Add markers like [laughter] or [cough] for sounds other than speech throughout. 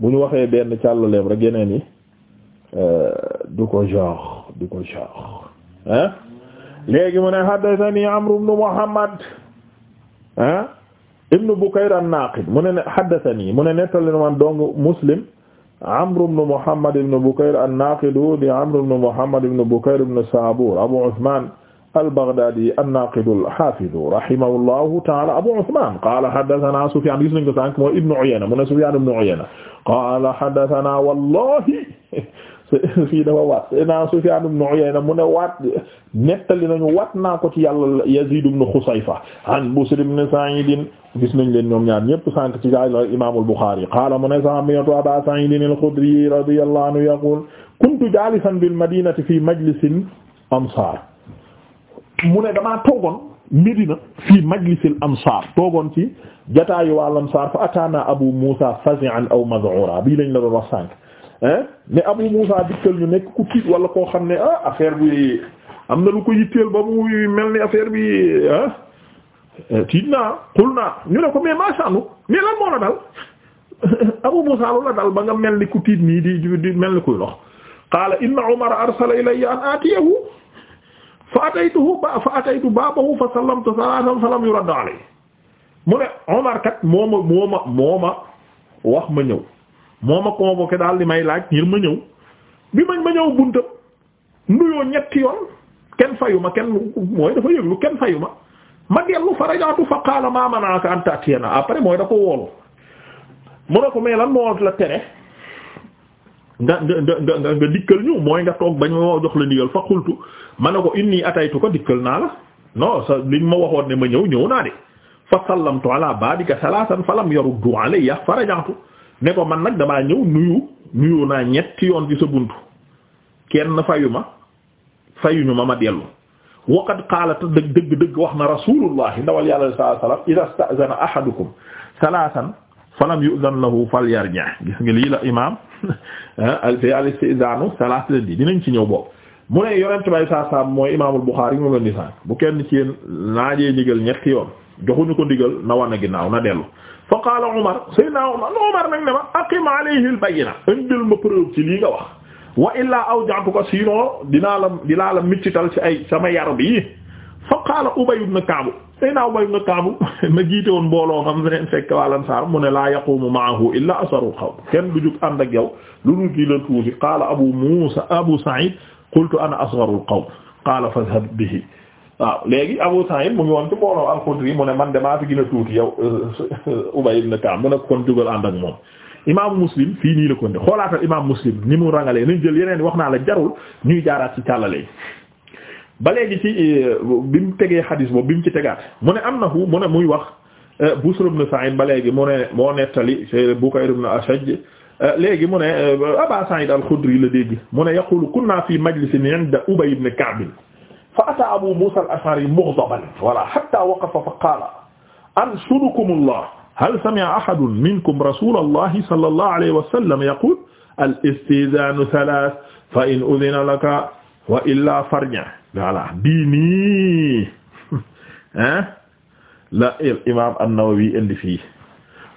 bu ñu waxee benn càllaleem rek yeneen yi euh, du ko genre du ko genre ah léegi mu ne haddathani Amr ibn Muhammad ah ibn Bukayr naqid mu ne haddathani mu na man dong Muslim Amr ibn Muhammad ibn Bukayr an-Naqid di Amr ibn Muhammad ibn Bukayr ibn Sabur Abu Uthman al-Baghdadi an-Naqid al-Hafiz rahimahullahu ta'ala Abu Uthman qala haddathana Sufyan gis nañ ko sànq mooy Ibn Uyayna mu ne Sufyan ibn Uyayna qala haddathana wallahi [laughs] fii dafa waat na Sufyan ibn Uyayna mu ne waat nettali nañu waat naa ko ci yàlla Yazid ibn Khusayfa an Busr ibn Sa'id gis nañ leen ñoom ñaar ñëpp sànq ci gay la Imam al-Bukhari qala mu ne sami'tu Aba Sa'id al-Khudri radiyallahu anhu yaqul kuntu jalisan bil madinati fi majlisin ansar mu ne damaa toogoon Medina fii majlisil ansaar toogoon ci jataayu waa ansaar fa ataana Abu Musa fazi'an aw mad'ura bii lañ la doon wax sànq. mais Abu Musa dikkal ñu nekk ku tiit wala koo xam ne ah affaire bi am na lu ko yitteel ba mu mel ni affaire bi ah tiit naa xul naa ñu ne ko mais maa sha Allah moo la dal [laughs] Abu Musa lu la dal ba nga mel ni ku tiit nii di di mel ni kuy lox qaala inna Umar arsala ilayya an aatiyahu fa ataytuhu ba fa ataytu baabahu fa sallamtu salatan falam yuraddu mu ne Omar kat moo ma moo ma moo ma wax ma ñëw moo ma convoqué daal di may laaj ngir ma ñëw bi mañ ma ñëw buntam nuyoo ñetti yoon kenn fayu ma kenn mooy dafa yëglu kenn fayu ma ma dellu farajaatu fa qaala ma mana'aka an ta'tiyana après mooy da ko woolu mu ne ko mais lan moo la tere nga nga nga nga nga dikkal ñu mooy nga toog bañ ma jox la ndigal fa xultu ma ne ko inni ataytu ko dikkal naa la non sa liñ ma waxoon ne ma ñëw ñëw naa de fa sallamtu ala babika salaasan falam yaruddu alayya farajantu ne ko man nag damaa ñëw nuyu nuyu naa ñetti yoon ci sa buntu kenn fayu ma fayuñu ma ma dellu waqad qaalat dëgg dëgg dëgg wax na rasulullah ndawal yàlla sallallahu alayhi wasallam idha sta'zana ahadukum salaasan falam yu'zan lahu falyarji' gis nga lii la imaam fi al-isti'zaanu salaas leen di dinañ ci ñëw boobu mu ne yonent bay saa saam mooy imaamul Buxaari yi mu leen di sànq bu kenn ci yéen laajee ndigal ñetti yoon joxuñu ko ndigal na war na ginnaaw na dellu fa qaala Umar sayyidina Umar Umar nag ne ma aqim alayhi al-bayyina indil ma preuve ci lii nga wax wa illaa awja'tuka sinon dinaa la dinaa la miccital ci ay sama yar bi fa qaala Ubay ibn Ka'b tey naa Ubay ibn Ka'b ma jiite woon mbooloo xam ne fekk waa Ansaar mu ne laa yaqumu ma'ahu illaa asarul qawm kenn du jug ànd ak yow lu dul kii la tuuti qaala Abu Muusa Abu Sa'id qultu ana asgharul qawm qaala fadhhab bihi waaw léegi Abu Sa'id mu ngi woon ci mbooloo al-Khudri mu ne man de maa fi gën a tuuti yow euh, Ubay ibn Ka'b mu ne kon jugal ànd ak moom. imaamu Muslim fii nii la ko indi xoolaatal imaamu Muslim ni mu rangalee nañ jël yeneen wax naa la jarul ñuy jaaraat ci tàllale ba léegi ci euh, bi mu tegee xadis boobu bi mu ci tegaat mu ne am na hu mu ne muy wax euh, Busr ibn Sa'id ba léegi mu ne moo nettali Bukayr ibn Ashaj euh, léegi mu ne Aba Sa'id al-Khudri la dégg mu ne yaqulu kunna fi majlisin 'inda Ubay ibn Ka'b fa ata Abu Musa al-Ash'ari mughdaban wala hatta waqafa fa qala anshudukumullah hal sami'a ahadun minkum rasulallahi sallallahu alayhi wa sallam yaqul al-istizanu thalath fa in udhina laka wa illaa voilà bii nii [laughs] hein la imaam an-Nawawi indi fii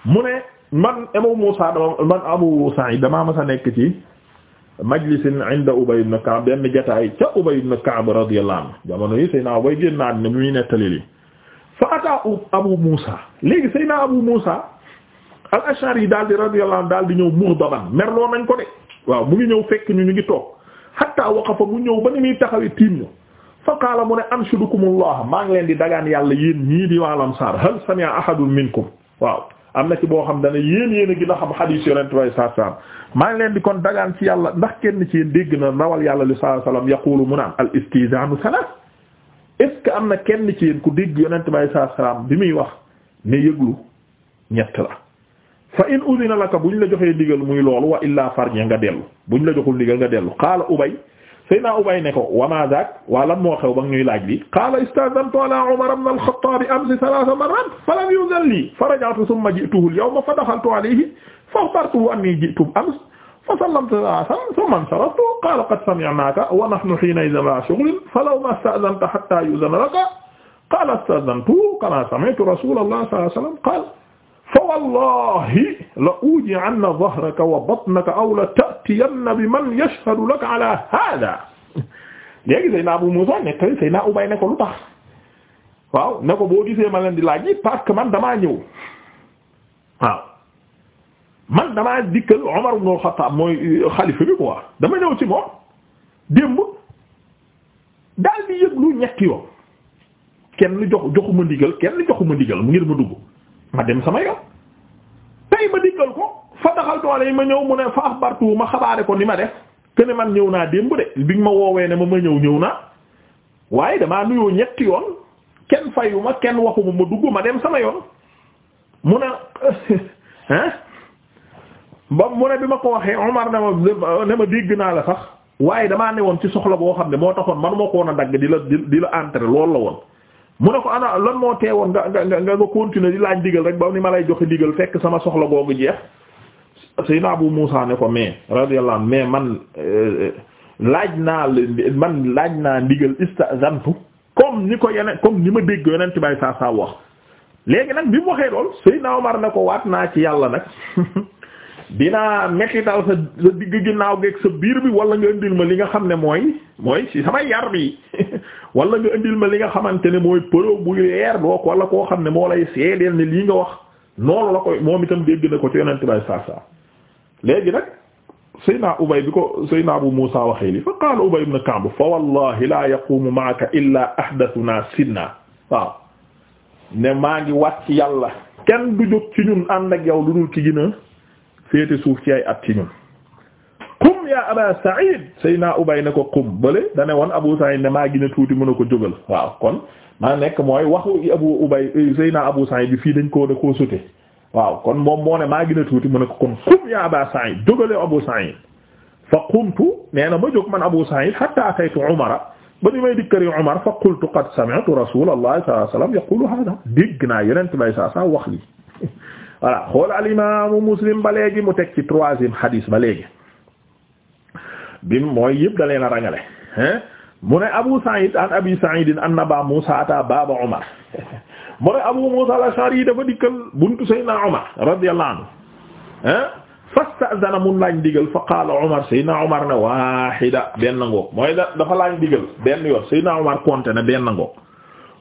mu ne man Abu Muusa dama man Abu Sa'id damaa mas a nekk ci majlisin inda Ubay ibn Ka'b benn jataay ca Ubay ibn Ka'b radiyallahu anhu jamono yi Seydina Ubay génn àddina bi muy nettali li fa ataa Abu Muusa léegi Seydina Abu Muusa al-Ash'ari daal di radiyallahu anhu daal di ñëw mughdaban merloo nañ ko de waaw mu ngi ñëw fekk ñu ñu ngi toog hatta waqafa mu ñëw ba ni muy taxawee tiim ñu fa qaala mu ne anshudukumullah maa ngi leen di dagaan yàlla yéen ñii di waa Ansaar hal sami'a ahadun minkum waaw am na ci boo xam dana yéen yéen a gën a xam xadiis yonent way saa salam maa ngi leen di kon dagaan ci yàlla ndax kenn ci yéen dégg na nawal yàlla li sallallahu alayhi wasallam yaqulu mu naan al istizanu salat est ce que am na kenn ci yéen ku dégg yonent bay saa salam bi muy wax ne yëglu ñett la fa in udina laka bu ñu la joxee digal muy loolu wa illaa farñe nga dellu bu ñu la joxul digal nga dellu qaala ubay sayna ubay ne ko wa ma zaak waa lan moo xew ba ñuy laaj li qaala istaazantu ala umar ibn al-khattab amsi thalatha marrat falam yusalli faraja'tu thumma ji'tuhu al-yawma fa dakhaltu alayhi fa akhbartuhu anni ji'tu ams fa sallamtu thumma insaraftu qaala qad sami'naka wa nahnu hina'idhin ala shughlin falaw ma ista'dhanta hatta yu'dhana laka qaala ista'dhantu kama sami'tu rasulullah sallallahu alayhi wasallam qaala fa wallahi la uji'anna ko wa batnaka aw la ta'tiyanna bi man yashhadu laka ala hada léegi Seydina Abu Muusa nettali Seydina Ubay ne ko lu tax waaw ne ko boo gisee di laaj yi parce que man damaa ñëw man damaa dikkal Umar ibn Khattab mooy euh, xalifa bi quoi dama ñëw ci moom démb daal di yëg lu ñetti kenn jox joxuma ndigal kenn joxuma ndigal mu ngir ma dugg ma dem sama yoon tey ma dikkal ko fa daxal doole yi ma ñëw mu ne fa axbartu ma xabaare ko ni ma def te ne man ñëw naa démb de bi nga ma woowee ne ma ma ñëw ñëw naa waaye damaa nuyoo ñetti yoon kenn fayu ma kenn waxuma ma dugg ma dem sama yoon mu ne ah [laughs] ba mu ne bi ma ko waxee Omar ne ma ne ma dégg naa la sax waaye damaa ne woon ci soxla boo xam ne moo taxoon ma moo ko woon a dagg di la di la entre loolu la woon. mu ne ko ana lan moo teewoon nga nga nga nga continuer di laaj digal rek ba ni ma lay joxe digal fekk sama soxla googu jeex Seydina Abu Muusa ne ko mais radiyallahu anhu mais man euh, laaj naa man laaj naa ndigal istazantu comme ni ko yeneen comme ni ma dégg yeneen bay saa saa wax léegi nag bi mu waxee lool Seydina Omar ne ko waat naa ci yàlla nag [laughs] dinaa mettital sa sa digg ginnaaw geeg sa biir bi wala nga indil li nga xam ne mooy mooy ci sama yar bi [laughs] wala nga indil ma li nga xamante ne mooy përëw buy leer dook wala koo xam ne moo lay seedeel ne lii nga wax noonu la koy moom itam dégg na ko ci yonent bay saa saa léegi nag Seydina Ubay bi ko Seydina Abu Muusa waxee li fa qaala Ubay ibn Ka'b fa wallahi la yaqumu ma'aka illa ahdathuna sinna waaw ne maa ngi wat yàlla kenn du jóg ci ñun ànd ak yow lu féete suuf ci ay at ci ñun qum ya aba Sa'id sayna Ubay ne ko qum bale dane woon Abu Sa'id ne maa gën tuuti mën a ko jógal waaw kon maa nekk mooy waxu Abu Ubay eh, sayna Abu Sa'id bi fii dañ koo da koo sute waaw kon moom moo ne maa gën tuuti mën a ko qum qum ya aba Sa'id jógale Abu Sa'id fa qumtu nee na ba jóg man Abu Sa'id hatta ataytu Umara ba ni may dikkari Umar fa qultu qad sami'tu Rasulullah sa alayhi wa sallam yaqulu hada dégg naa yeneen bay saa saa voilà xool al imaamu muslim ba léegi mu teg ci troisième hadis ba léegi bi mooy yëpp da leen a rangale hein mu ne Abu Sa'id an Abi Sa'id an Aba Musa ata baba Umar [laughs] mu ne Abu Musa al-Ash'ari dafa dikkal buntu Seydina Umar radiyallahu anhu hein fasta'zana mun laaj digal fa qaala Umar Seydina Umar ne waahida benn ngoog mooy dafa laaj digal benn yoon Seydina Umar konte ne benn ngoog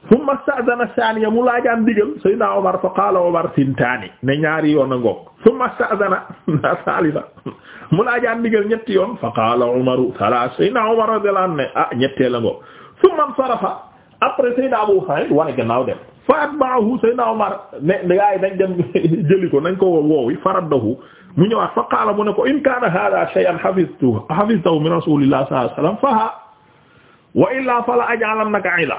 summa sta'dana saaniya mu laajaan digal Seydina Omar fa qaala Omar sintaani ne ñaari yoon a ngoog summa sta'dana salisa [laughs] [laughs] mu laajaan digal ñetti yoon fa qaala Omaru salaas Seydina Omar radiyallahu anhu ne ah ñetteel a ngoog summa sarafa après Seydina Abu Sa'id wane gannaaw dem fa atba'ahu Seydina Omar ne gaa yi nañ dem [laughs] jëli ko nañ ko woowi faraddahu mu ñëwaat fa qaala mu ne ko in kaana haadaa shay'an hafiztuhu hafiztahu min rasuulillahi sallallahu alayhi wa sallam fa wa illaa fala aj'alannaka ila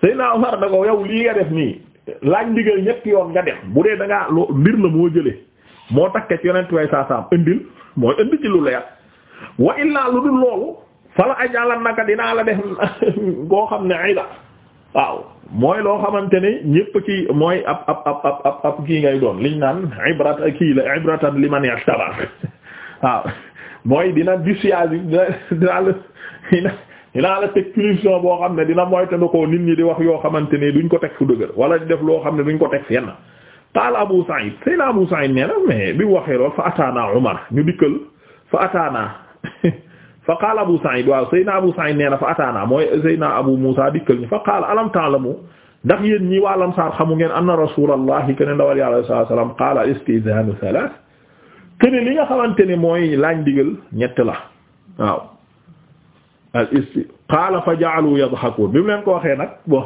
Seydina Umar da ko yow lii nga def nii laaj ndigal ñetti yoon nga dem bu dee da loo mbir la moo jëlee moo takke ci yonent way saa saam indil mooy indi ci lu leer wa illaa lu dul loolu fala ajalan naka dinaa la def goo [laughs] xam ne ay la waaw mooy loo xamante ne ñépp ci mooy ab ab ab ab ab kii ngay doon liñ naan ibrat kii la ibratan liman yattabar [laughs] waaw mooy dina dissuasif dina dinaa la teg punition boo xam ne dina moytandikoo nit ñi di wax yoo xamante ne duñ ko teg fu dëgër wala di def loo xam ne duñ ko teg fenn qaala Abu Sa'id sayna Abu Sa'id nee na mais bi mu waxee lool fa ataana Umar ñu dikkal fa ataana [laughs] fa qaala Abu Sa'id waaw sayna Abu Sa'id na fa ataana mooy sayna Abu Musa dikkal ñu fa qaala alam ta'lamu ndax yéen ñi waa Ansaar xamu ngeen anna Rasulullahi kenn ndawal Yàlla sallallahu alayhi wasallam qaala al-istizanu thalath kenn li nga xamante ne mooy laaj digal ñett la waaw al isti qaala fa ja'alu yadhakun bi mu leen ko waxee nag bon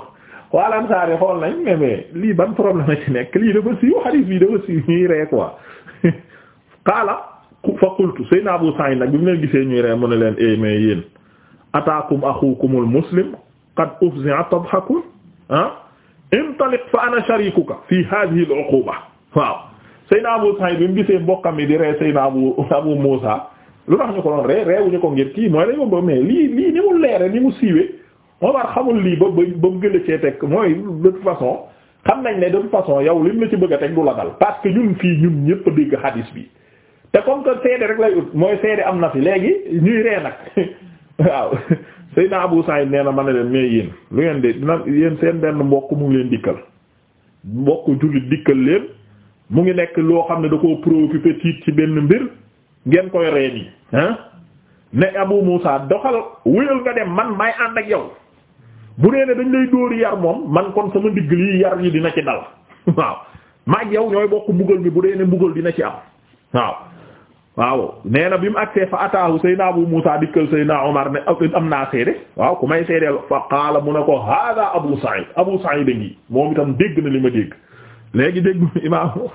waa Ansaar yi xool nañ mais mais lii ban problème a ci nekk lii dafa siiw xadiis bi dafa siiw ñuy ree quoi [laughs] qaala fa qultu Seydina Abu Sa'id nag bi mu leen gisee ñuy ree mu ne leen eh mais yéen ataakum axukumul muslim qad ufzi'a tadhakun ah intaliq fa ana sharikuka fi hadhihi Abu Sa'id yi di ree Seydina lu tax ñu ko doon ree reewuñu ko ngir kii mooy dañu ba mais lii lii ni mu leere ni mu siiwee Omar xamul lii ba ba ba mu gën a cee teg mooy de toute façon xam nañ ne de toute façon yow lim la ci bëgg a teg du la dal parce que ñun fii ñun ñëpp dégg xadis bi te comme que seede rek lay ut mooy seede am na fi léegi ñuy ree nag [laughs] waaw Seydina Abu Sa'id nee na ma ne leen mais yéen lu ngeen di dina yéen seen benn mbokk mu ngi leen dikkal mbokk jullit dikkal leen mu ngi nekk loo xam ne da koo préoccupé ci benn ngeen koy reen yi ah ne Abu Musa doxal wéyal nga dem man may ànd ak yow bu dee ne dañ lay dóori yar moom man kon sama ndigg lii yar yi dina ci dal [laughs] waaw ma ak yow ñooy bokk mbugal bi bu dee ne mbugal dina ci am waaw waaw nee bi mu agsee fa ataahu sayna Abu Musa dikkal sayna Omar ne am naa seede waaw ku may seedeel fa qaala mu ne ko hada Abu Sa'id Abu Sa'id a ngi moom itam dégg na li ma dégg léegi dégg [laughs] imaamu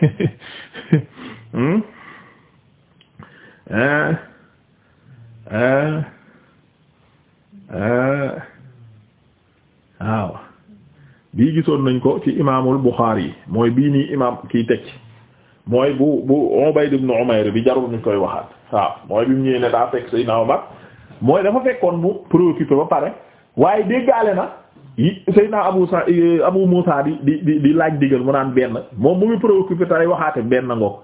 [laughs] hmm? gisoon nañ ko ci imaamul Buxaari yi mooy bii nii imaam kiy teg mooy bu bu Ubayd ibn Umayr bi jarul ñu koy waxaat waaw mooy bi mu ñëwee ne daa fekk Seydina Omar mooy dafa fekkoon mu préoccupé ba pare waaye déggaale na yi Seydina Abu Sa Abu Muusa di di di di laaj digal mu naan benn moom mu ngi préoccupé tey waxaate benn ngoog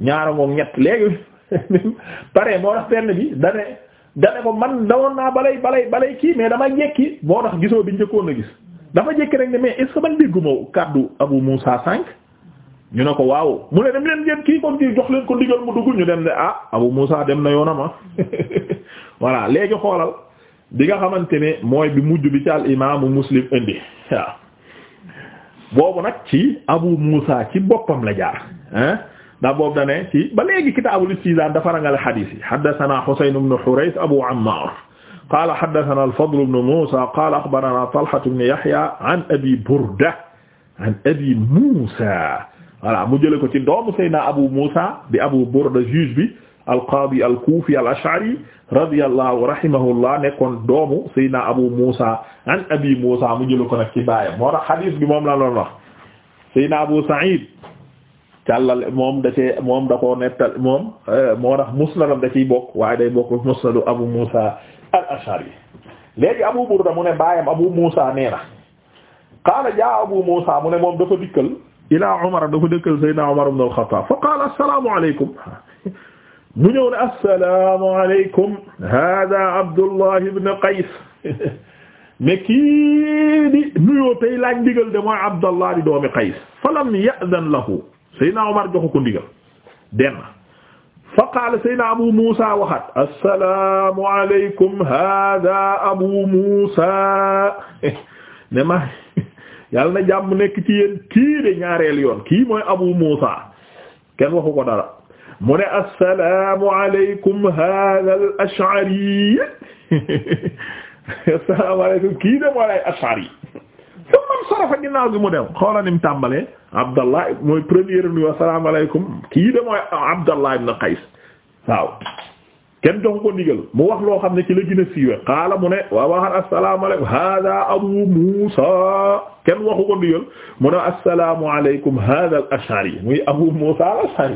ñaara ngoog ñett léegi [laughs] pare moo tax benn bi dane dane ko man dawoon naa balay balay balay kii mais dama jekki moo tax gisoo a dafa jékki rek ne mais est-ce que man dégguma kàddu Abu Musa sànq ñu ne ko waaw mu ne dem leen ngeen kii comme kii jox leen ko ndigal mu dugg ñu dem ne ah Abu Musa dem na yoona ma ah [laughs] voilà léegi xoolal bi nga xamante ne mooy bi mujj bi ci al imaamu Muslim indi [laughs] waaw boobu nag ci Abu Musa ci boppam la jaar hein ndax boobu da ne ci ba léegi kitaabul istizaan dafa rangale xadiis yi haddasanaa Husayn ibn Hurayth Abu Ammaar qaala haddathana al-Fadl ibn Musa qaala akhbarana Talha ibn Yahya an Abi Burda an Abi Musa voilà mu jëlee ko ci doomu Seydina Abu Musa bi Abu Burda juge bi al-qaadi al-Kuufi al-Ash'ari radiyallahu rahimahullah nekkoon doomu Seydina Abu Musa an Abi Musa mu jëlee ko nag ci baayam moo tax hadith bi moom la doon wax Seydina Abu Sa'id càllal moom da cee moom da koo nettal moom eh, moo tax musnadam da ciy bokk waaye day bokk musnadu Abu Musa al-Ash'ari léegi Abu Burda mu ne baayam Abu Muusa nee na qaala jaa Abu Muusa mu ne moom dafa dikkal ilaa Umar dafa dikkal Seydina Umar ibn al-Khattab fa qaala assalaamu aleykum [laughs] mu ñëw ne assalaamu aleykum haadaa Abdullah ibn Qays [laughs] mais kii di nuyoo tey laaj ndigal de mooy Abdallah di doomi Qays fa lam ya'zan lahu Seydina Umar joxu ko ndigal denn fa qaala sayna abu musa waxat assalaamu alaykum hada abu musa ne ma yàlla na jàmm nekk ci yéen kii de ñaareel yoon kii mooy abu musa kenn waxu ko dara mu ne assalaamu alaykum hada al ash'ari [laughs] assalaamu alaykum kii de mooy al ash'ari man sarafa ginnaaw gi mu dem xoola ni mu tàmbalee Abdallah mooy première nuyu assalaamu alaykum kii de mooy Abdallah ibn Qays kenn doxu ko mu wax loo xam ne ci la gën mu ne waa waxal assalaamu alaykum hada abu musa kenn waxu ko ndigal mu ne assalaamu alaykum hada al ashari muy abu musa al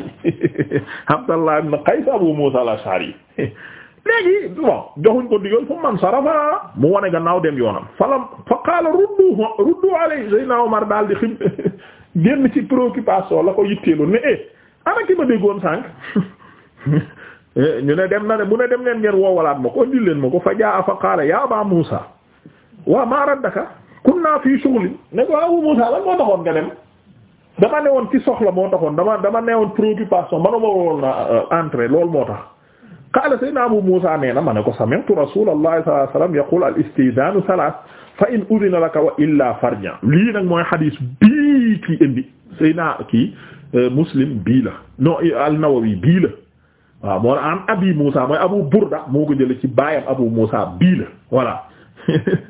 [laughs] [laughs] léegi bon joxuñ ko digal fu man sarafa mu wane gannaaw dem yoonam falam fa qaala ruddu ruddu alayhi sayna Umar daal di xim [laughs] génn ci préoccupation la ko yitteelu ne eh, [laughs] eh ñu ne dem na ne mu ne dem leen ngeen woowalaat ma ko indil leen ko fa jaa fa qaala ya Aba Muusa waa maa raddaka kunna fii shughli ne ko Abu Muusa lan moo taxoon nga dem dama newoon ci soxla moo taxoon dama dama newoon préoccupation manuma woon entrer loolu moo tax qaala sayyidunaa Abu Muusaa nee na ma ne ko sami'tu rasuulallahi sallallahu alayhi wa sallam yaqulu al istidanu salaas fa in udina laka wa illaa farja lii nag mooy xadiis bii kii indi sayyidunaa kii euh, Muslim bii la non an-Nawawi bii la waaw moo an Abi Muusaa mooy Abu Burda moo ko jële ci baayam Abu Muusaa bii la voilà [laughs]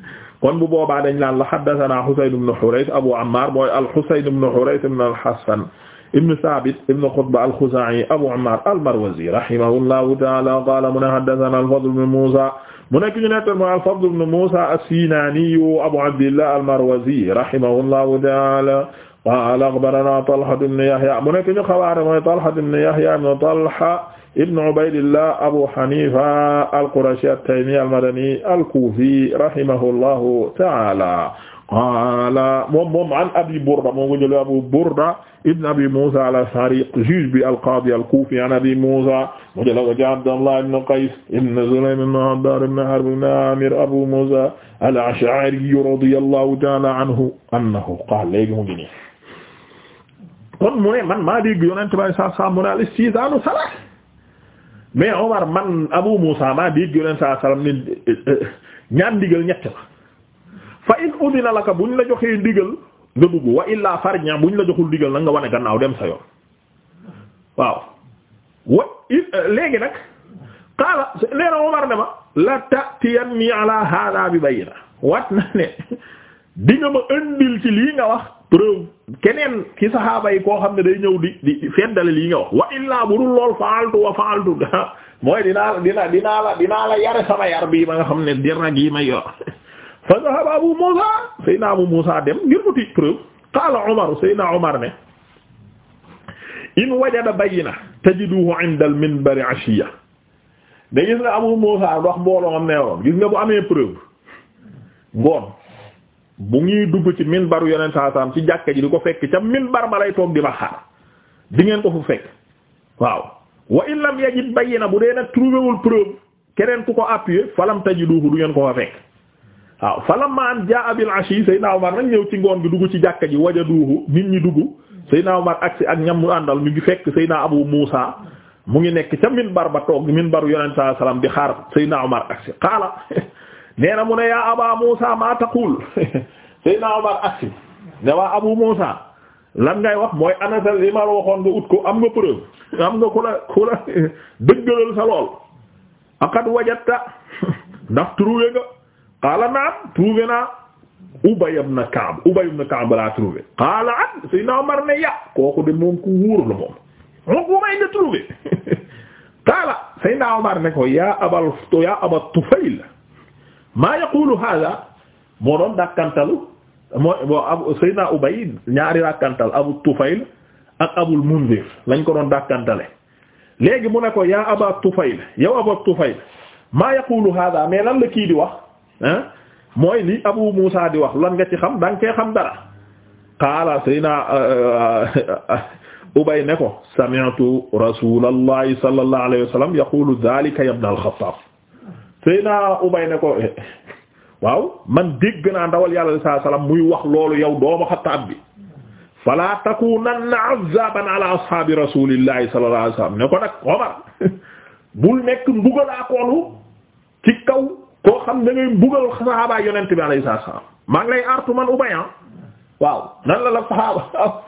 kon bu boobaa dañ laan la haddasanaa Husayn ibn Hurayth Abu Ammaar mooy al-Husayn ibn Hurayth ibn al-Hasan ibn Saabit ibn Qutba al-Xuzaa'i Abu Ammaar al-Marwazi rahimahullahu ta'aala qaala mu ne haddathanaa al-Fadl ibn Muusaa mu nekk ñu nettal ma al-Fadl ibn Muusaa as-Siinaani Abu Abdillah al-Marwazi rahimahullahu ta'aala qaala akhbaranaa Talha ibn Yahyaa mu nekk ñu xabaare mooy Talha ibn Yahyaa ibn Talha ibn Ubaydillah Abu Haniifa al-Qurashi at-Taymi al-Madani al-Kuufi rahimahullahu ta'aala voilà moom moom an abi Burda moo ko jëlee abu Burda ibn abi Musa al-Ash'ari juge bi al-qadi al-Kufi an abi Musa mu jëlee ko ci Abdallah ibn Qays ibn Sulaym ibn Abdar ibn Harb ibn Amir abu Musa al-Ash'ari radiyallahu ta'ala anhu annahu qaala léegi mu ngi nii kon mu ne man maa dégg Yonent bi saa saa mu ne al-isti'zaanu salaas mais Omar man abu Musa maa dégg Yonent saa salaam ne eh, eh, ñaan digal ñett la fa in udina laka buñ la joxee ndigal nga dugg wa illaa farña buñ la joxul ndigal nag nga wane gannaaw dem sa yoon waaw wa léegi nag qaala leena Umar ne ma la ta'tiyanni ala hada bi bayna wat na ne di ma indil ci lii nga wax preuve keneen ci saxaaba yi koo xam ne day ñëw di di feddale lii nga wax wa illaa bu dul lool faaltu wa faaltu [laughs] mooy dinaa dina dinaa la dinaa la yare sama yar bii ma nga xam ne dir nag may yor [laughs] fa zahaba abu musa sayna abu musa dem ngir uti preuve qaala umar sayna umar ne in wajada bayina tajiduhu inda al minbari ashiya da gis nga abu musa wax mbooloo am neewoon gis nga bu amee preuve ngoon bu ngi dugg ci minbaru yonent saa saam ci jàkka ji di ko fekk ca minbar ba lay toog di ma xaar di ngeen ko fu fekk waaw wa in lam yajid bayina bu dee nag trouvéwul preuve keneen ku ko appuyer falam tajiduhu du ngeen ko fa fekk waaw falamma an jaa bil ashi Seydina Omar nag ñëw ci ngoon gi dugg ci jàkka ji wajaduhu nit ñi dugg Seydina Omar agsi ak ñam mu àndal mi ngi fekk Seydina Abu mu ngi nekk ca minbar ba toog minbar yonent saa salaam di xaar agsi qaala [laughs] nee na mu ne yaa Aba Muusa maa taqul [laughs] Seydina Omar agsi ne waa Abu Muusa lan ngay wax mooy anasal li ma waxoon nga ut ko am nga preuve am nga ku la ku la [laughs] dëggalal sa lool aqad wajata ndax trouvé nga qaala naam trouvé naa Ubay ibn Ka'b Ubay ibn Ka'b laa trouvé qaala an ah, Seydina Omar ne ya kooku de moom ku wóor la moom ku may nga trouvé [laughs] qaala Seydina Omar ne ko yaa abal yaa Aba Tufayl maa yaqulu hada moo doon dàkkantalu mooy bon Seydina ñaari dàkkantal Abu Tufayl ak Abul Munzir lañ ko doon dàkkantale léegi mu ne ko yaa Aba Tufayl yow Aba Tufayl maa yaqulu hada mais lan la kii di wax. mooy li Abu Musa di wax lan nga ci xam da nga cee xam dara qaala sayna euh, euh, euh, Ubay ne ko sami'tu rasulallahi sallallahu alayhi wa sallam yaqulu dhalika ya ibn al-Khattab sayna Ubay ne ko eh, waaw man dégg naa ndawal yàlla sallallahu alayhi wa sallam muy wax loolu yow doomu Xattaab bi fala takunanna azzaban ala ashaabi rasulillahi sallallahu alayhi wa sallam ne ko nag Omar [laughs] bul nekk mbuggalaakoonu ci kaw koo xam da ngay mbugal saxaabaa yonent bi alayhi salaam maa ngi lay artu man ubayan ah. waaw nan la la saxaaba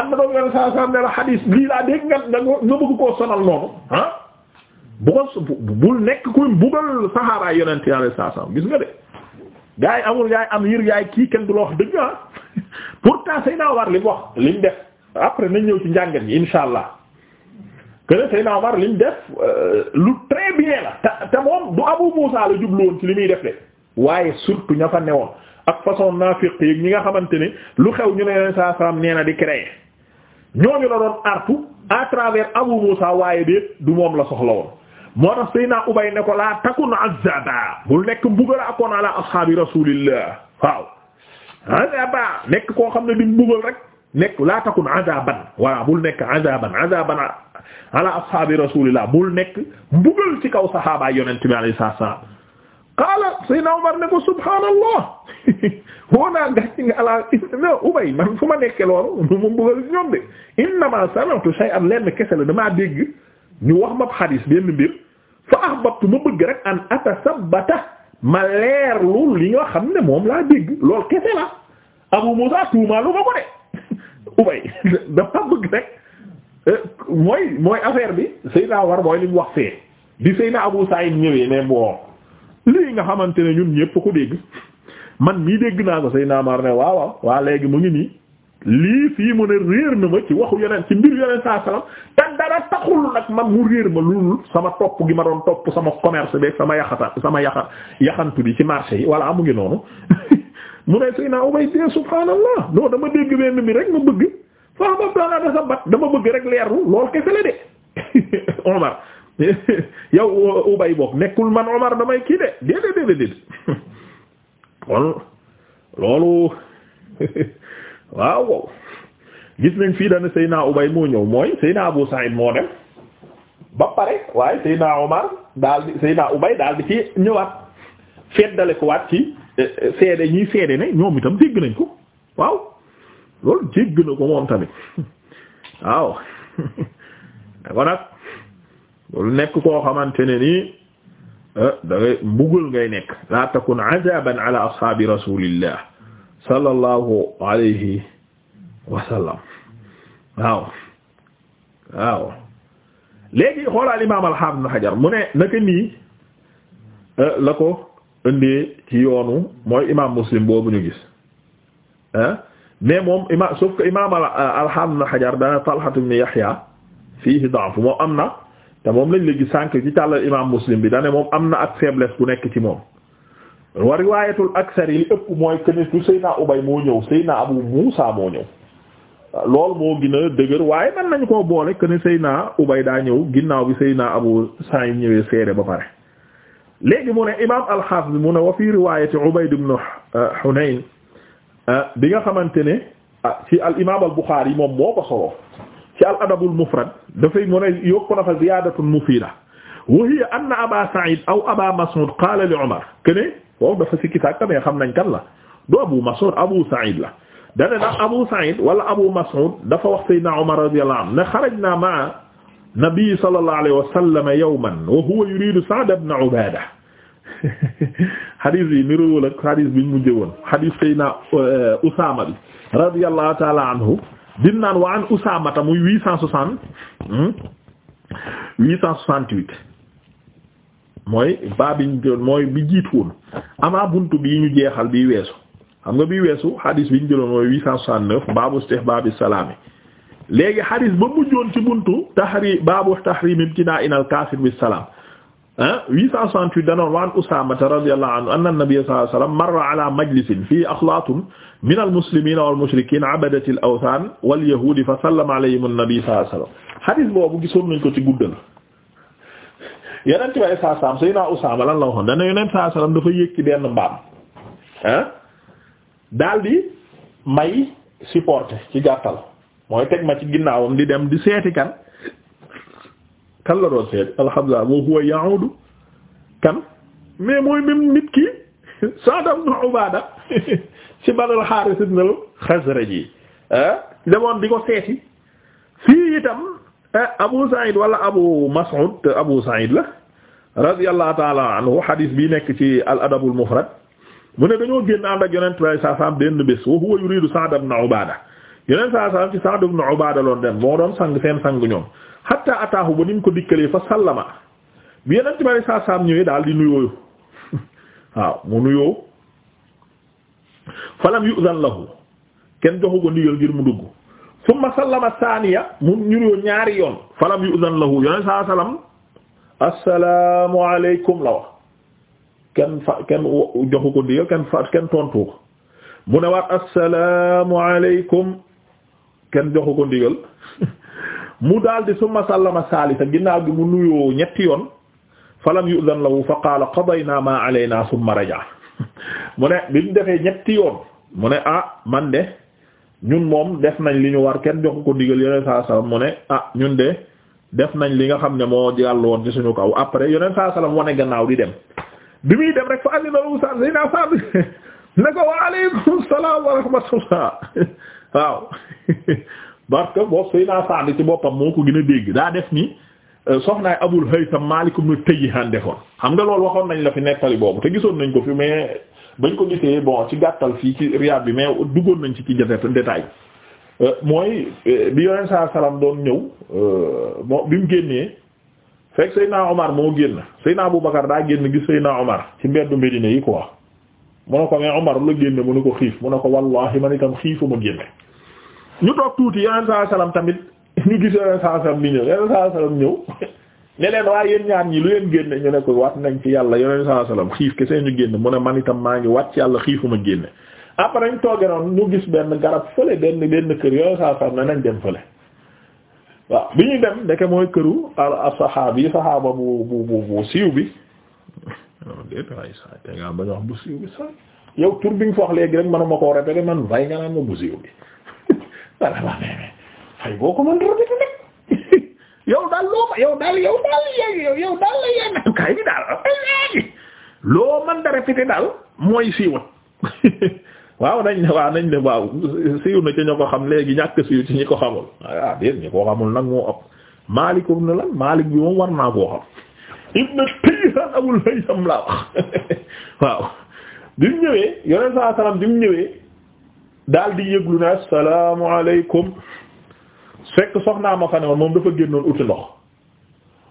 am na doon yonent saa salaam ne nga nga bëgg koo sonal noonu ah. ko bul nekk kuy mbugal saxaabaa yonent bi alayhi salaam gis nga de gaa yi amul yaay am yir yaay kii kenn du la wax dëgg ah [laughs] pourtant say naa war li mu wax li mu def après nañ ñëw ci njàngat yi insha allah. kene Seydina Omar liñ def euh, lu très bien la te te moom du Abu Muusa la jubluwoon ci li muy def de waaye surtout ña fa newoon ak façon naafiq yi ñi nga xamante ne lu xew ñu ne leen saa salaam nee na di créer ñooñu la doon artu à travers Abu Muusa waaye déet du moom la soxla woon moo tax Seydina Ubay ne ko laa takun azaba bul nekk mbugal akoon ala ashaabi rasulillah waaw azaba nekk koo xam ne di mbugal rek nekk laa takun azaban wala bul nekk azaban azaban ala ashaabi rasulillah bul nekk mbugal ci kaw sahaabaa ne ko subhaanallah [laughs] woo naa gàcc ubay man fu ma nekke loolu mu mbugal ci ñoom de innama sami'tu shay'an lenn kese la damaa dégg ñu wax ma xadis benn mbir fa ahbabtu ma bëgg rek an atasabbata ma leerlu li nga xam ne moom laa dégg loolu kese la Abu Musa tuumaalu ma ko de ubay [laughs] dafa bëgg rek euh, mooy mooy affaire bi Seydina war mooy li mu wax fee di Seydina Abu Saïd ñëwee ne bon lii nga xamante ne ñun ñëpp ko dégg man mii dégg naa ko Seydina Umar ne waaw waa léegi mu ngi nii lii fii mu ne réer na ma ci waxu yeneen ci mbir yeneen saa salaam te dara taxul nag man mu réer ma loolu sama topp gi ma doon topp sama commerce beeg sama yaxata sama yaxa yaxantu bi ci marché yi walla mu ngi noonu [laughs] mu ne Seydina Ubay de subhaanallah non dama dégg benn bi rek ma bëgg faa ma sa bat dama bëgg rek leerlu lool kese la de [laughs] Omar [laughs] yow uh, Ubay boog nekkul man Omar damay kii de déedéet déedéet [laughs] kon loolu waaw gis nañ fii dana Seydina Ubay moo ñëw mooy Seydina Abu Sa'id moo dem ba pare waaye Seydina Omar daal di Seydina Ubay daal di ci ñëwaat feddale ko waat ci eh, eh, seede ñiy seede ne ñoom itam dégg nañ ko waaw loolu dégg na ko moom tamit [laughs] waaw [laughs] nekk koo xamante ne nii eh, da ngay mbugal ngay nekk la takun azaban ala ashaabi rasulillah sallallahu alayhi wa waaw waaw léegi xoolal imaam al-Hafiz Ibn Hajar mu ne naka nii la ko indee ci yoonu mooy imaam muslim boobu ñu gis ah moom imaam sauf que imaam euh, al-Haafiz ibn Hajar dana Talha Yahya fiihi da'f moom am na te moom lañ léegi sànq ci tàllal imaam muslim bi dane moom am na ak faiblesse bu nekk ci moom wa riwaayatul aksar yi li ëpp mooy que ne tu Seydina Ubay moo ñëw Seydina Abu Muusa moo ñëw loolu moo gën a dëgër waaye man nañ koo boole que ne Ubay daa ñëw ginnaaw bi Seydina Abu Sa'id ñëwee seede ba pare léegi mu ne imaam al-Hafiz mu ne wa fi riwaayati Ubayd ibn Hunayn bi nga xamante ne ah, ci al imaam al-Bukhari moom moo ko solo ci al-Adab al-Mufrad dafay mu ne yokku na fa ziyaadatun mufiida wa hiya anna Aba Sa'id aw Aba Mas'ud qaala li Umar kene foofu dafa sikki sàkka mais xam nañ kan la du Abu Mas'ud Abu Sa'id la dane ndax Abu Sa'id wala Abu Mas'ud dafa wax Sayyidina Umar radiyallahu anhu ne xarajnaa ma'a nabi sallallahu alayhi wa sallam yawman wa huwa yuridu Sa'd ibn Ubaada hadith yi niroowul ak hadith biñ mujjee woon hadith Seydina euh, Usaama bi radiyallahu ta'ala anhu din naan wa an Usaama ta muy huit cent soixante hmm? huit mooy baa biñ jëloon mooy bi woon amaa buntu bii ñu jeexal bii weesu xam nga bii weesu hadith biñ jëloon mooy huit cent soixante-neuf baabu istihbaabi salaami léegi xadis ba mujjoon ci buntu tahri baabu tahrim ibtida'in al-kaafir bis-salaam ah 868 danoon waan Usaamata radiyallahu anhu anna nabiyya sallallahu alayhi wa sallam marra ala majlisin fiihi axlaatun mina al-muslimiina wal-mushrikiina abadati al-awthaan wal-yahuudi fa sallama alayhim an-nabiyyu sallallahu alayhi wa sallam xadis boobu gisoon nañ ko ci guddal yeneen ci waaye saa saam Seydina Usaama lan la waxoon dana yeneen saa salaam dafa yéeg ci benn mbaam ah daal di may supporter ci gàttal. mooy teg ma ci ginnaawam di dem di seeti kan kan la doon seeti alhamdulilah wa huwa ya'udu kan mais mooy même nit ki [laughs] saada ibn Ubaada [laughs] ci Banu al-Haaris ibn al-Xazraji ah, demoon di ko seeti fii itam ah, Abu Sa'id wala Abu Mas'ud Abu Sa'id la radiyallahu ta'ala anhu hadith bi nekk ci al-Adab al-Mufrad mu ne dañoo génn ànd ak Yonent bi sallallahu alayhi wa sallam benn bés wa huwa yuridu Sa'd ibn Ubaada yeneen saa salaam ci Sa'd ibn Ubaada loon dem moo doon sang seen sang ñoom hatta ataahu ba ni ko dikkalee fa sallama bi yeneen ci bari saa salaam ñëwee daal di nuyooyu [laughs] waaw mu nuyoo falam yu'zan lahu kenn joxu ko ndigal ngir mu dugg summa sallama saaniya mu nuyoo ñaari yoon falam yu'zan lahu yeneen saa salaam assalaamu alaykum la wax kenn fa joxu ko ndigal kenn fa mu ne waat assalaamu alaykum kenn joxu ko ndigal [laughs] mu daldi summa sallama saalisa ginnaaw gi mu nuyoo ñetti yoon falam la lahu fa qaala qadaynaa maa alaynaa summa rajaa [laughs] mu ne bi mu defee ñetti yoon mu ne ah man de ñun moom def nañ li ñu war kenn joxu ko ndigal yeneen saa mu ne ah ñun de def nañ li nga xam ne moo jàll woon ci suñu kaw après yeneen saa salaam wane gannaaw di dem bi muy dem rek fa adina lahu sa sayna Saad ne ko wa alaykum salaam wa rahmatullah [laughs] waaw [laughs] parce que boobu suy naa Saad ci boppam moo ko gën a dégg daa def ni euh, soxnaay Abul Haytham Maalik ibn Tayyihan defoon xam nga loolu waxoon nañ la fi nettali boobu te gisoon nañ ko fi mais bañ ko gisee bon ci gàttal fii ci Riyad bi mais duggoon nañ ci ci détail euh, mooy euh, bi yoneen saa salaam doon ñëw moo bi mu génnee fekk naa Omar moo génn Seydina Abu Bakar daa génn gis Seydina Omar ci mbeddu Médine yi quoi mu a ko mais Omar la génne mu ne ko xiif mu ne ko wallahi man itam xiifu ma génne ñu toog tuuti yeneen saa salaam tamit ñu gis yeneen saa salaam di ñëw yeneen saa salaam ñëw [laughs] ne leen waaye yéen ñaar ñi lu leen génne ñu ne ko wat nañ ci yàlla yeneen saa salaam xiif kese ñu génne mu ne man itam maa ngi wat ci yàlla xiifu ma génne après ñu toogee noonu ñu gis benn garab fële benn benn kër yeneen saa salaam ne nañ dem fële waaw bi ñu dem ndeke mooy këru al saxaabi saxaaba bu bu bu siiw bi non déet waaye saa te ngaa bu siiw bi saa yow tur bi nga léegi rek manuma koo répété man vay nga naan ma bu siiw bi dara la nee fay boo ko mën répété nag [laughs] yow daal loo ma yow daal yow daal la yee naan kaay bi daal loo man da répété daal mooy siiwat [laughs] waaw nañ ne waaw nañ ne waaw siiw na ci ñu ko xam léegi ñàkk siiw ci ñi ko xamul ah déet ñi ko xamul nag moo ëpp Maalik ibn lan Maalik bi war naa koo xam [laughs] naan abul haysam laa wax waaw bi mu ñëwee yoneen saa salaam bi ñëwee daal di yëglu na assalaamu alaykum fekk soxnaa ma fa ne woon moom dafa génnoon uti ndox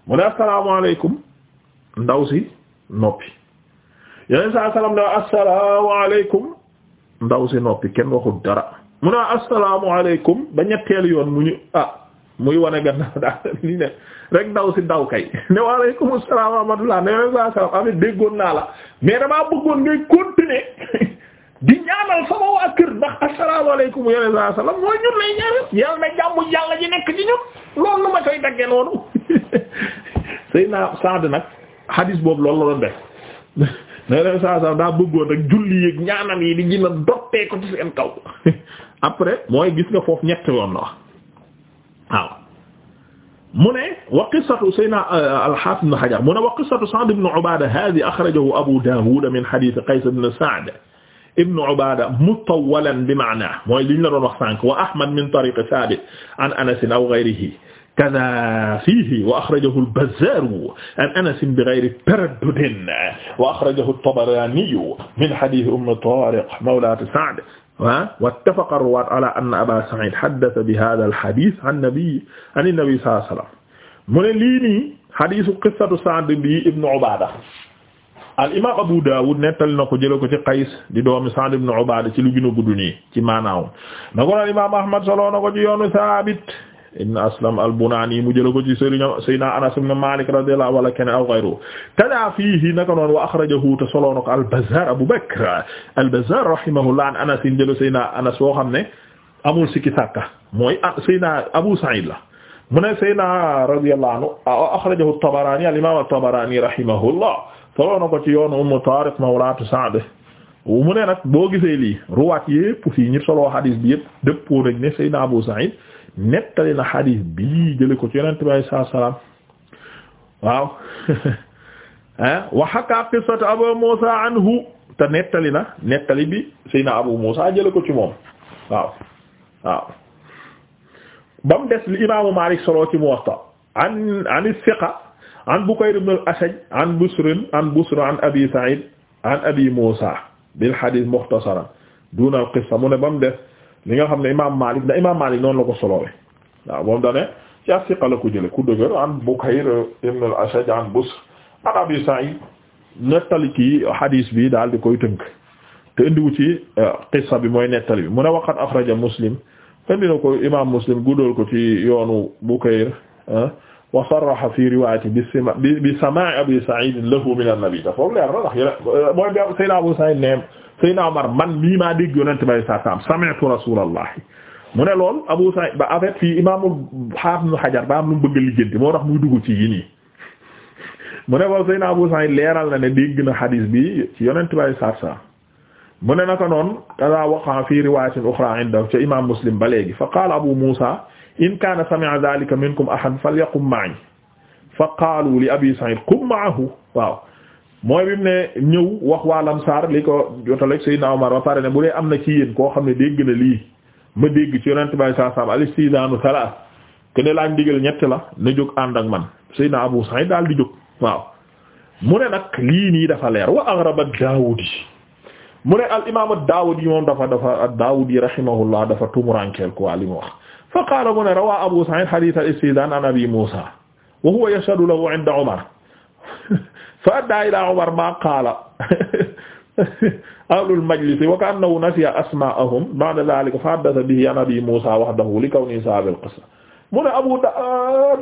mu ne assalaamu alaykum ndaw si noppi yoneen si noppi kenn waxul dara mu ne assalaamu alaykum ba ñetteel yoon mu ñu ah muy wane gannaaw [laughs] daal li ne rek ndaw si ndaw kay [laughs] ne waaleykum salaam wa rahmatullah ne waaleykum salaam amee déggoon naa la mais damaa bëggoon ngay naa [laughs] salaam mooy ñun lay ñaanal yàlla na jàmm yàlla ji nekk ci ñun loolu nu ma koy daggee noonu. Seydina Saad nag hadis boobu loolu la doon def nee daa bëggoon rek julli yeeg ñaanal yi di gën dottee ko ci seen kaw après mooy gis nga foofu ñett yoon la wax. waaw mu ne wa qissatu sayna euh, al-Hafiz ibn Hajar mu ne wa qissatu Sa'd ibn Ubaada haadhihi akhrajahu Abu Daawuud min hadiith Qays ibn Sa'd ibn Ubaada mutawwalan bi ma'naahu mooy liñ la doon wax sànq wa Ahmad min tariiq Thaabit an Anas aw ghayrihi kadaa fiihi wa akhrajahu al-Bazzaar an Anas bighayri taraddud wa akhrajahu at-Tabaraani min hadiith Umm Taariq mawlaat Sa'd ah wattafaqa ruwaat ala anna Aba Saïd haddasa bi haaza al-hadiis an nabi an nabi sallallahu alayhi wa sallam mu ne lii nii hadiisu qissatu Sa'd bi Ibn Ubaada al imaam Abu Daawud nettali na ko jëlee ko ci Qays di doomi Sa'd ibn Ubaada ci lu gën a gudd nii ci maanaam na ko al imaam Ahmad solo na ko ci yoonu Saabit ibn aslam al-Bunani mu jëla ko ci sëriñ sayyidina Anas ibn Malik radiyallahu wala keneen aw ghayruhu kada fiihi naka noon wa akhrajahu te soloona ko al-Bazzar Abu Bakr al-Bazzar rahimahullah an Anas in jëla sayyidina Anas boo xam ne amul sikki sàkka mooy ah, sayyidina Abu Sa'id la mu ne sayyidina radiyallahu anhu akhrajahu at-Tabarani al-imam at-Tabarani rahimahullah soloona ko ci yoonu Umm Tariq mawlatu Sa'd mu ne nag boo gisee lii ruwaat yépp fii ñi soloo hadis bi yépp dëppoo nañ ne sayyidina Abu Sa'id nettali na xadiis bii jële ko ci yonent bi alayhi salaatu salaam waaw [laughs] eh, wa haka qissata Abu Muusa anhu te nettali na nettali bi Seydina Abu Muusa jële ko ci moom waaw waaw ba mu des li imaamu Maalik solo ci Muwatta an an thiqa an Bukayr ibn Sa'id an Abi Muusa bil hadiis mukhtasaran duna al mu ne ba mu des li nga xam ne imaam Maalik da imaam Maalik noonu la ko solowee waaw moom la ko jële ku dëgër an Bukayr ibn al-Ashaj an an Abi Sa'id nettali bi daal di koy tënk te indiwu ci euh, qissa bi mooy nettali bi mu ne waqat axraja Muslim indi na ko imaam Muslim guddal ko ci yoonu Bukayr wa sarraha fi riwaayati bi sama bi samaa'i Abi Sa'id lahu min an-nabi te foofu leer na ndax yéen a mooy Seydina Abu Sa'id ne Seydina Omar man mii maa dégg Yonent bi saa saam sami'tu Rasulullah mu ne lool Abu Sa'id ba en fait fii Imaamul Haafiz Hajar ba am lu mu bëgg a lijjanti moo tax muy dugg ci yi nii mu ne boobu Seydina Abu Sa'id leeral na ne dégg na xadiis bi ci Yonent bi saa saam mu ne naka noonu kaza waqa fi riwaayatin ukhra inda ca Imaam Muslim ba léegi fa qaala Abu Muusa in kaana sami'a dhalika minkum ahad falyaqum ma'i fa qaalu li abi sa'id qum ma'ahu waaw mooy bi ne ñëw wax waa lamsaar li ko jotaleg sayyidna Umar ba pare ne bu dee am na ci yéen koo xam ne dégg na lii ma dégg ci yonent bay saa saam alistidaanu thalas ke ne laañ digal ñetti la na jóg ànd ak man na Abu Sa'id daal di jóg waaw mu ne nag lii nii dafa leer wa aghraba Daawudi mu ne al imaam Daawudi moom dafa dafa Daawudi rahimahullah dafa tumurankeel ko li mu wax fa qaala mu ne rawaa Abu Sa'id hadith al-istizan an Abi Musa wa huwa yashhadu lahu 'inda Umar fa addaa ilaa Umar maa qaala ahlul majlis wa ka'annahu nasiya asmaa'ahum ba'da dhaalika fa haddatha bihi an Abi Musa wahdahu li kawnihi saahibal qissa mu ne Abu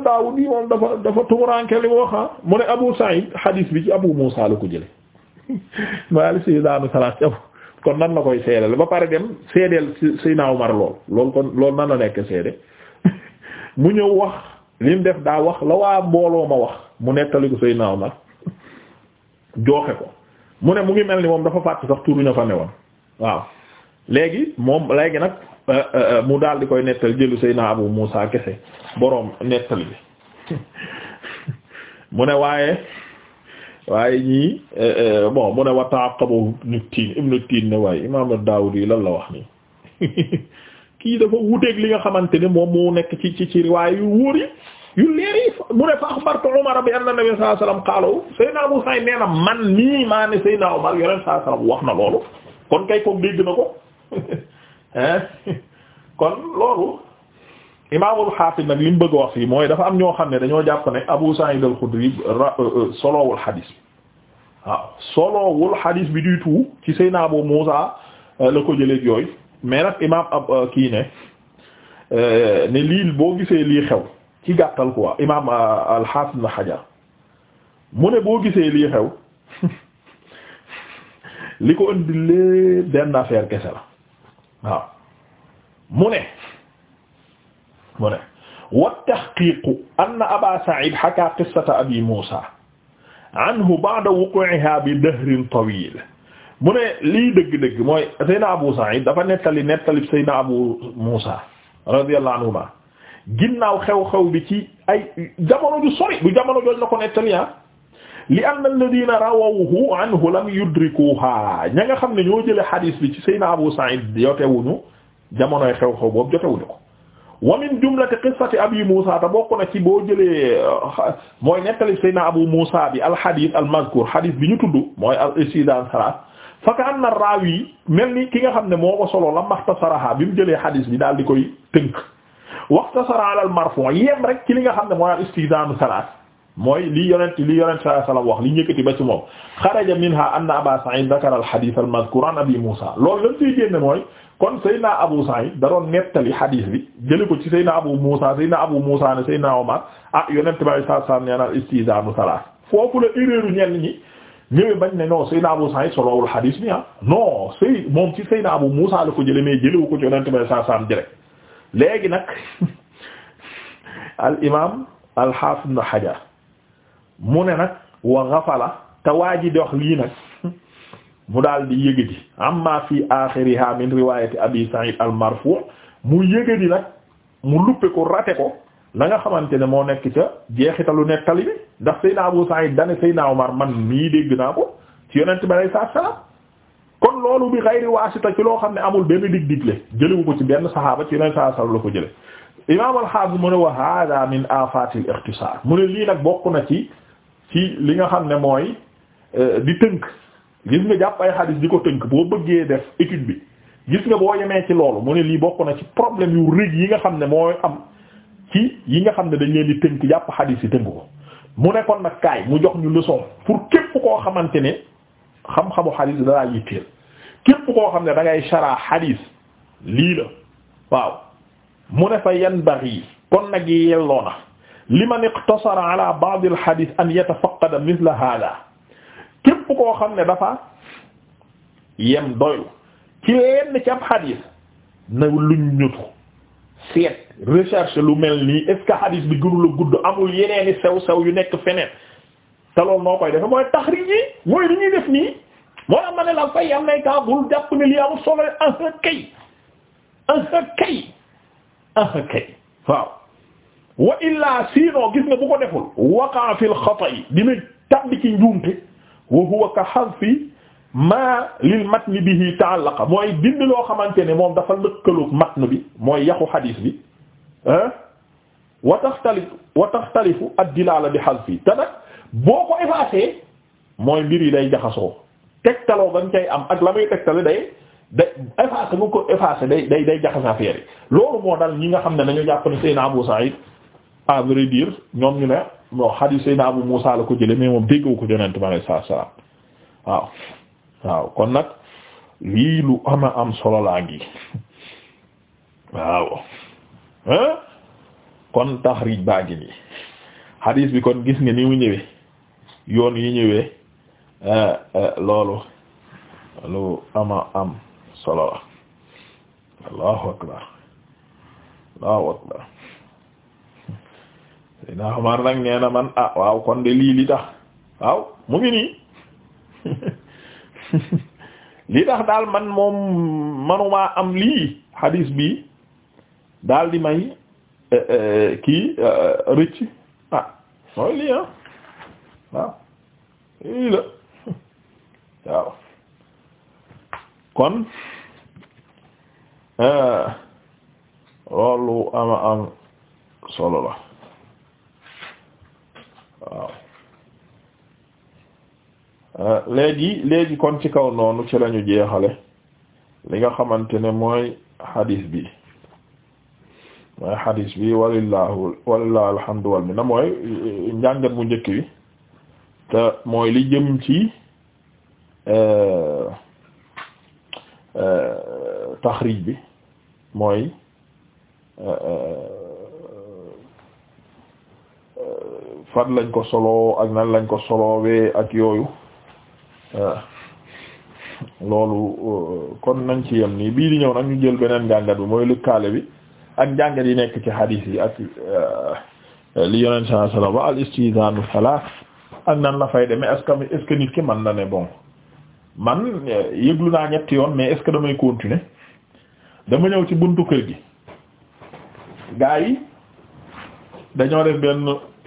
Daawud yi moom dafa dafa tumuraanke li mu wax ah. mu ne Abu Sa'id hadith bi ci Abu Musa la ko jëlee kon nan la koy seedeel ba pare dem seedeel Seydina Omar lool loolu kon lool nan la nekk seede [laughs] mu ñëw wax lim def daa wax la waa mbooloo ma wax mu nettali ko Seydina Omar [laughs] jooxe ko mu ne mu ngi mel ni moom dafa fàtte sax turuña fa ne woon waaw léegi moom léegi nag euh, euh, euh, mu daal di koy nettali jëlu Seydina Abu Muusa kese boroom nettali bi [laughs] mu ne waaye waaye ñii eh, eh, bon mu ne wa taqabu ibnu tiin ibnu tiin ne waaye imam Daawudi lan la wax nii [laughs] kii dafa wuteeg li nga xamante ne moom moo nekk ci ci ci riwaay yu wóor yi yu leer yi mu ne bi anna nabi sallallahu alayhi wasallam qaala Seydina Abu man nii maa ne Seydina Umar yoneen sallallahu alayhi wax na loolu kon kay ko dégg na ko [laughs] eh? [laughs] kon loolu imaamul xaafis nag li mu bëgg a wax fii mooy dafa am ñoo xam ne dañoo jàpp ne Abu Sa'id al-Khudri euh, euh, solowul xadis bi waaw solowul xadis bi du tout ci Seydina Abu euh, la ko jëlee yooyu mais nag imaam ab kii ne ne lii boo gisee lii xew ci gàttal quoi imaam al-Xaafis na Hajar mu ne boo gisee lii xew [laughs] li ko indi lee benn affaire kese la waaw mu ne. mu ne wa tahqiqu anna aba sa'id haka qissata abi musa anhu ba'da wuqu'iha bi dahrin tawil mu ne lii dëgg-dëgg mooy sayna abu sa'id dafa nettali nettali sayna abu musa radiyallahu anhuma ginnaaw xew-xew bi ci ay jamono ju sori jooj la ko nettali ah li anna alladina rawawhu anhu lam yudrikuha ña nga xam ni ñoo jële xadiis bi ci sayna abu sa'id jotewuñu jamonoy xew-xew boobu jotewuñu ko wa min jumlati qissati abi Musa te bokk na ci boo jëlee euh, mooy nettali Seydina Abu Musa bi alxadis almazkur xadis bi ñu tudd mooy al sidan salat fa ka anna raawi mel ni ki nga xam ne moo ko solo la maxtasaraha bi mu jëlee xadis bi daal di koy tënk waxtasara ala al marfu' yem rek ci li nga xam ne mooy al istidanu salat mooy li yonent li yonent saa sallam wax li ñëkkati ba ci moom xaraja minha anna aba sa'id dakara al hadith al mazkur an abi musa loolu lañ ciy génne mooy kon saydna abu sa'id da doon nettali hadith bi jëli ko ci saydna abu musa saydna abu musa ne saydna omar ah yonent ba saa sallam nee na al istizanu salas foofu la erreuru ñenn ñi ñëwee bañ ne non saydna abu sa'id solowul hadith bi ah non say moom ci saydna abu musa la ko jële mais jëliwu ko ci yonent ba saa sallam léegi nag [laughs] al imam al hafiz ibn hajar mu ne nag wa ghafala te waa ji dox lii nag mu dal di yëgadi amma fi akhiriha min riwayati abi sa'id al marfu' mu yëgadi nag mu luppe ko rate ko la nga xamante ne moo nekk ca jeexitalu nettali bi ndax Seydina Abu Sa'id dane Seydina Omar man mii dégg naa ko ci yonent bi alay salaatu salaam kon loolu bi xayri waasita ci loo xam ne amul benn dig digle jëlewu ko ci benn saxaaba ci yonent saa sallam la ko jële imam al mu ne wa hada min afatil ikhtisar mu bokk na ci ci li nga xam ne mooy euh, di tënk gis nga jàpp ay xadis di ko tënk boo bëggee def étude bi gis nga boo yemee ci loolu mu ne lii bokk na ci problème yu rëg yi nga xam ne mooy am ci yi nga xam ne dañ leen di tënk jàpp xadis yi tënk ko mu ne kon nag kaay mu jox ñu leçon pour képp koo xamante ne xam-xamu xadis dalaa yitteel képp koo xam ne dangay ngay sharaa lii la waaw mu ne fa yan bari kon nag yelloo na liman iqtasara ala ba'd al hadith an yatafaqqada mithla hada képp koo xam ne dafa yem doylu ci lenn ci ab hadith na luñ ñutu seet recherche lu mel nii est-ce que hadith bi gënula gudd amul yeneeni sew-sew yu nekk feneen te loolu noo koy defe mooy taxriij yi mooy li ñuy def nii moo tax ma ne la am nay kaa bul jàpp ne lii amul solo ah kay ah kay ah kay waaw wa illaa siinoo gis nga bu ko deful waqa fil xata'i dina tabbi ci njuumte wa huwa ka hadfi ma lil matn bihi ta'allaqa mooy dindi loo xamante ne moom dafa lëkkaloog matn bi mooy yàqu xadiis bi ah wa taxtalifu wa taxtalifu ad-dilaala bi hadfi te nag boo ko effacé mooy mbir yi day jaxasoo tegtaloo ba nga cay am ak la muy tegtale day day effacé bu ko effacé day day day jaxasa affaire loolu moo dal ñi nga xam ne dañu jàpp ne Seydina Abu Sa'id à vrai dire ñoom ñu ne bon xadiis Seydina Abu Muusa la ko jële mais moom déggu ko Yonent bi alayhi salaam waaw waaw kon nag lii lu ama am solo laa ngi waaw bi kon gis nga ni mu ñëwee yoon yi ñëwee eh, eh, loolu lu ama am solo la allahu akbar allahu akbar Seydina Umar nag nee na man ah waaw kon de lii li tax waaw mu ngi nii [laughs] li tax daal man moom am lii hadis bi daal di may eh, eh, kii eh, rëcc ah mooy lii ah waaw la [laughs] waaw kon loolu ama am solo la Euh, léegi léegi kon ci kaw noonu ci lañu jeexale li nga xamante ne mooy xadis bi mooy xadis bi walillahu walillah alhamdu wal mooy euh, njàngat bu njëkk bi te mooy li jëm ci euh, taxrij bi mooy fan lañ ko soloo ak nan lañ ko solowee ak yooyu loolu uh, kon nañ ci yem nii bii di ñëw nag ñu jël beneen njàngat bi mooy lëkkaale bi ak njàngat yi nekk ci hadith yi ak uh, li yoneen saa sala ba al istizanu salat ak nan la fay demee est ce que nit ki man na ne bon man uh, yëglu naa ñetti yoon mais est ce que damay continuer dama ñëw ci buntu kër gi gaa yi dañoo def benn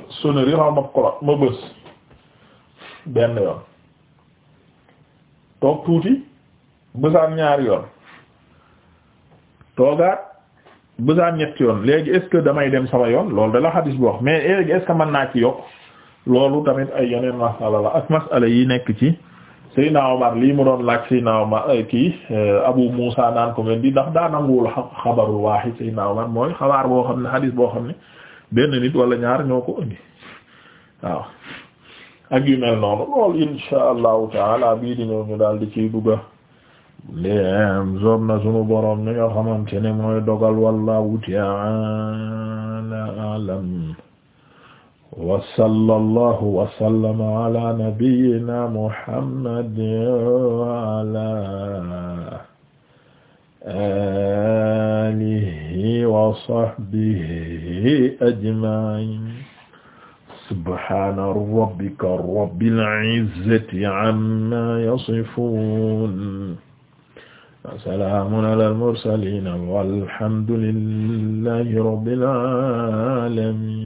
sonnerie xaw ma kolo ma bës benn yoon toog tuuti bësaan ñaari yoon toogaat bësaan ñetti yoon léegi est damay dem sama yoon loolu da la xadis bi mais léegi est-ce naa ci yokk loolu tamit ay yeneen masala la ak masala yi nekk ci Seydina Omar lii mu doon laaj Seydina Omar kii euh, Abu Musa naan ko ngeen di ndax daa nanguwul xabarul waahid Seydina Omar mooy xabaar boo xam ne xadis boo xam ne benn nit wala ñaar ñoo ko indi waaw ak yu mel noonu loolu insha allahu taala bii di ñëw ñu daal di ciy dugga léem soob na sunu boroom ni nga xamante ne mooy dogal wallahu taala alam wa sallallahu wa sallama ala nabiyyina muhammad wa ala alihi wa sahbihi ajma'in subhaana rabbika rabbil izzati amma yasifuun salaamun alal mursaliin walhamdu lillaahi rabbil aalamiin